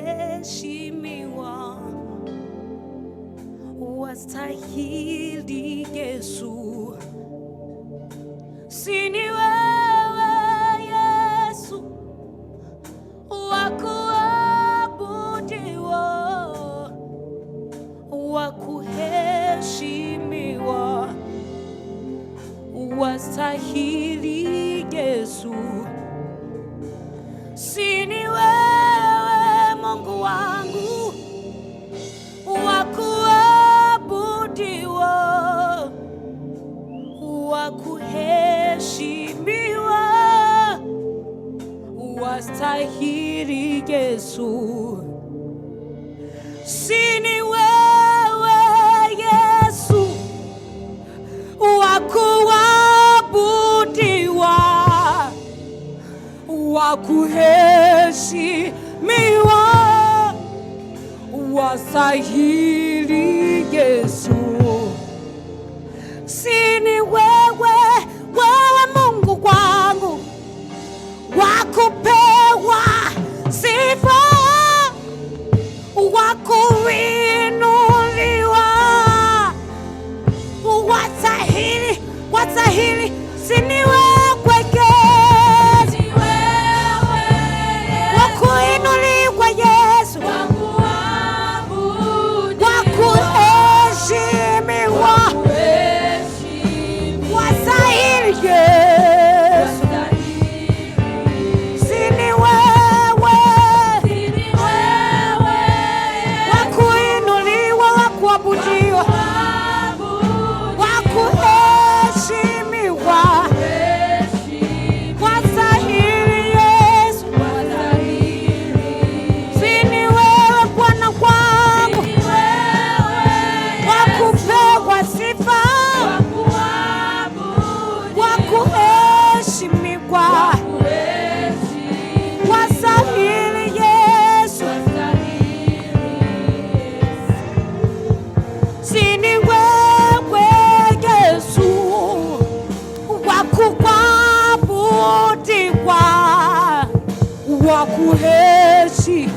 Mheshimiwa, wastahili Yesu, si ni wewe Yesu wa kuabudiwa, wa kuheshimiwa, wastahili Yesu si unastahili Yesu, si ni wewe Yesu wa kuabudiwa, wa kuheshimiwa, wastahili Yesu, si ni wewe hili siniwe como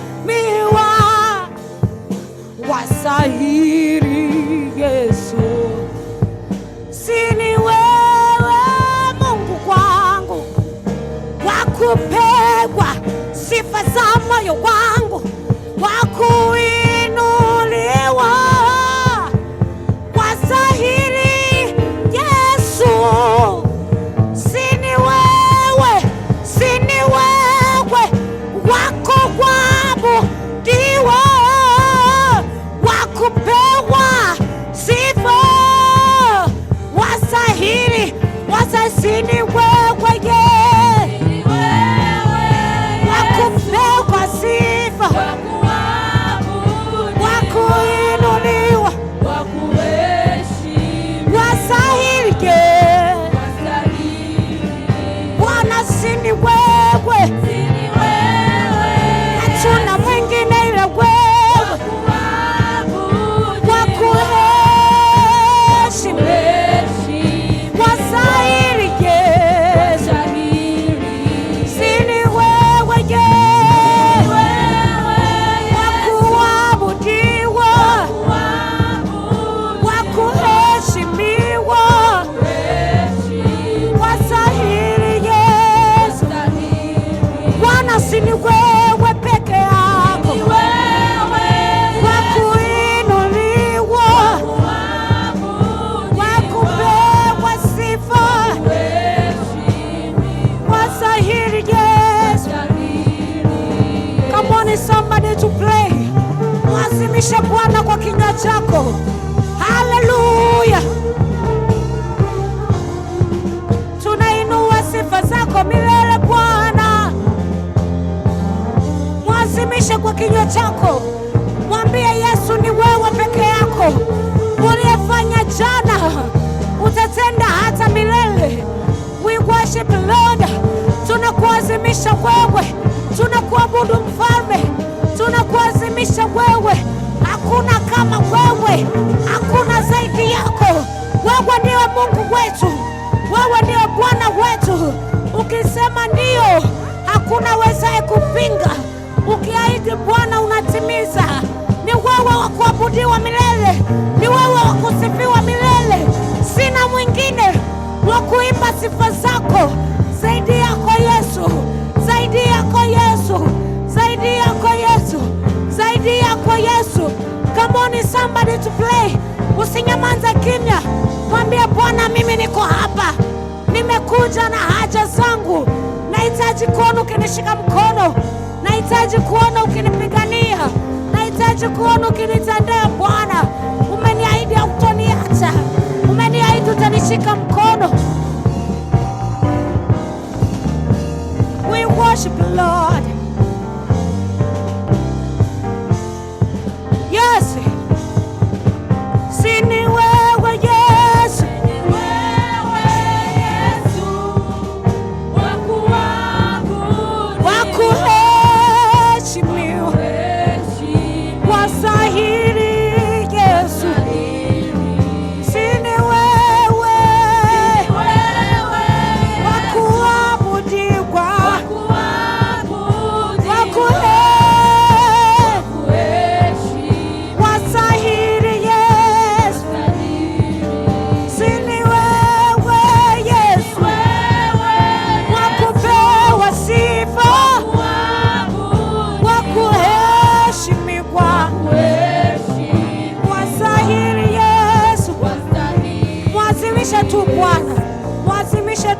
Mshe Bwana kwa kinywa chako. Haleluya, tunainua sifa zako milele Bwana. Mwazimishe kwa kinywa chako, mwambie Yesu ni wewe peke yako uliyefanya jana, utatenda hata milele. We worship Lord, tunakuazimisha wewe, tunakuabudu Mfalme, tunakuazimisha wewe simama wewe, hakuna zaidi yako. Wewe ndiyo Mungu wetu, wewe ndiyo Bwana wetu. Ukisema ndio, hakuna wezaye kupinga. Ukiahidi Bwana unatimiza. Ni wewe wa kuabudiwa milele, ni wewe wa kusifiwa milele. Sina mwingine wa kuimba sifa zako. kulia kwa Yesu. Come on somebody to play. Usinyamanza kimya, mwambie Bwana, mimi niko hapa, nimekuja na haja zangu. Nahitaji kuona ukinishika mkono, nahitaji kuona ukinipigania, nahitaji kuona ukinitendea. Bwana, umeniahidi hautoniacha, umeniahidi utanishika mkono. We worship Lord.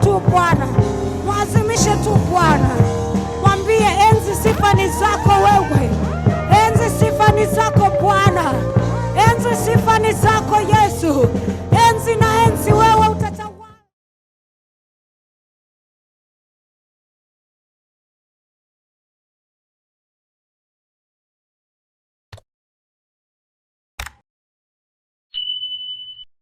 tu Bwana, mwazimishe tu Bwana, mwambie enzi sifa ni zako wewe, enzi sifa ni zako Bwana, enzi sifa ni zako Yesu.